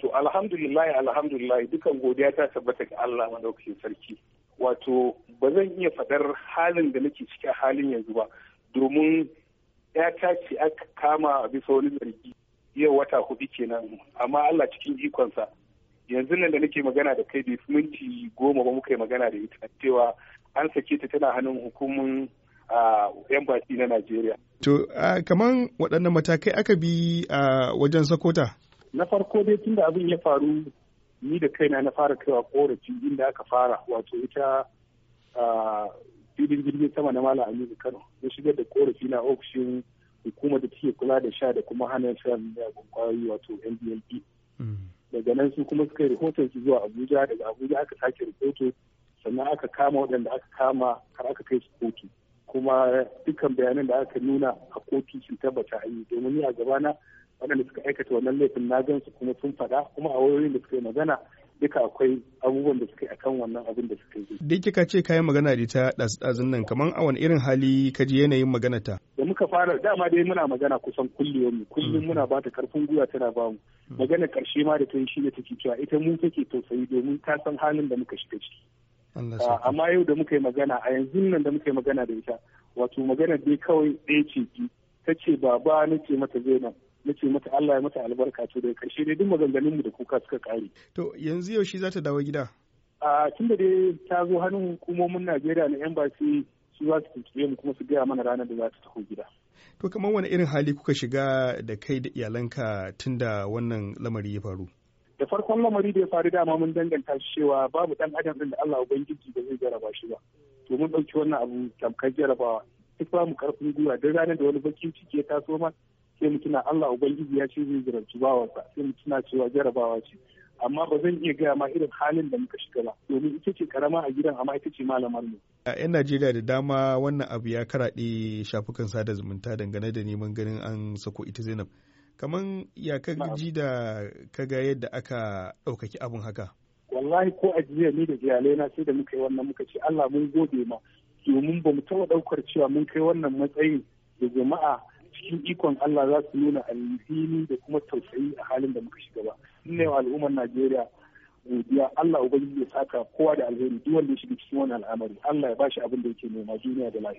To alhamdulillahi alhamdulillahi dukan godiya ta tabbata ga Allah madaukakin sarki. Wato ba zan iya faɗar halin da nake ciki halin yanzu ba domin ya ce aka kama bisa wani zargi yau wata hudu kenan amma Allah cikin ikonsa yanzu nan da nake magana da kai bai minti goma ba muka yi magana da ita cewa an sake ta tana hannun hukumun yan na Najeriya. To kaman waɗannan matakai aka bi a wajen sakota? na farko dai tun da abin ya faru ni da kaina na fara kaiwa korafi inda aka fara wato ita filin jirgin sama na malam aminu kano na shigar da korafi na ofishin hukumar da take kula da sha da kuma hana shan miyagun kwayoyi wato ndlp hmm. daga nan su kuma suka yi rahoton su zuwa abuja daga abuja aka sake rahoto sannan aka kama wadanda aka kama har aka kai su kotu kuma dukkan bayanan da aka nuna a kotu sun tabbata a yi domin ni a gabana waɗanda suka aikata wannan laifin na gan su kuma sun faɗa kuma a wayoyin da suka yi magana duka akwai abubuwan da suka yi akan wannan abin da suka yi. Duk kika ce kayan magana da ta ɗazu nan kamar a wani irin hali ka ji yanayin magana ta. Da muka fara dama dai muna magana kusan kullum kullum mm. muna ba ta karfin gwiwa tana ba mu. Mm. Magana ƙarshe ma da ta yi shi ne take cewa ita ta ke tausayi domin ta san halin da muka shiga ciki. Ah, amma yau da muka yi magana a yanzu nan da muka yi magana da ita wato magana dai kawai ɗaya ce ta ce baba ce mata Zainab na ce mata Allah ya mata albarka to daga karshe ne duk maganganun mu da kuka suka kare to yanzu yaushe za ta dawo gida a tun da dai ta zo hannun hukumomin Najeriya na embassy su za su tuntuɓe mu kuma su gaya mana ranar da za ta tafi gida to kamar wani irin hali kuka shiga da kai da iyalanka tun da wannan lamari ya faru da farkon lamari da ya faru dama mun danganta shi cewa babu dan adam din da Allah ubangiji da zai jaraba shi ba to mun dauki wannan abu tamkar jarabawa duk ba mu karfin gwiwa duk ranar da wani bakin ciki ya taso ma sai mutuna Allah ubangiji ya ce zai jarabci bawarsa sai mutuna cewa jarabawa ce amma ba zan iya gaya ma irin halin da muka shiga ba domin ita ce karama a gidan amma ita ce malamar mu a 'yan najeriya da dama wannan abu ya karaɗe shafukan sada zumunta dangane da neman ganin an sako ita zainab kaman ya ka ji da kaga yadda aka ɗaukaki abun haka wallahi ko a jiya ni da iyalai na sai da muka yi wannan muka ce Allah mun gode ma domin ba mu taɓa ɗaukar cewa mun kai wannan matsayin da jama'a cikin ikon Allah za su nuna alhini da kuma tausayi a halin da muka shiga ba. Ina yawa al'ummar Najeriya godiya Allah Ubangiji ya saka kowa da alheri duk wanda ya shiga cikin wani al'amari Allah ya bashi abin da yake nema duniya da lafiya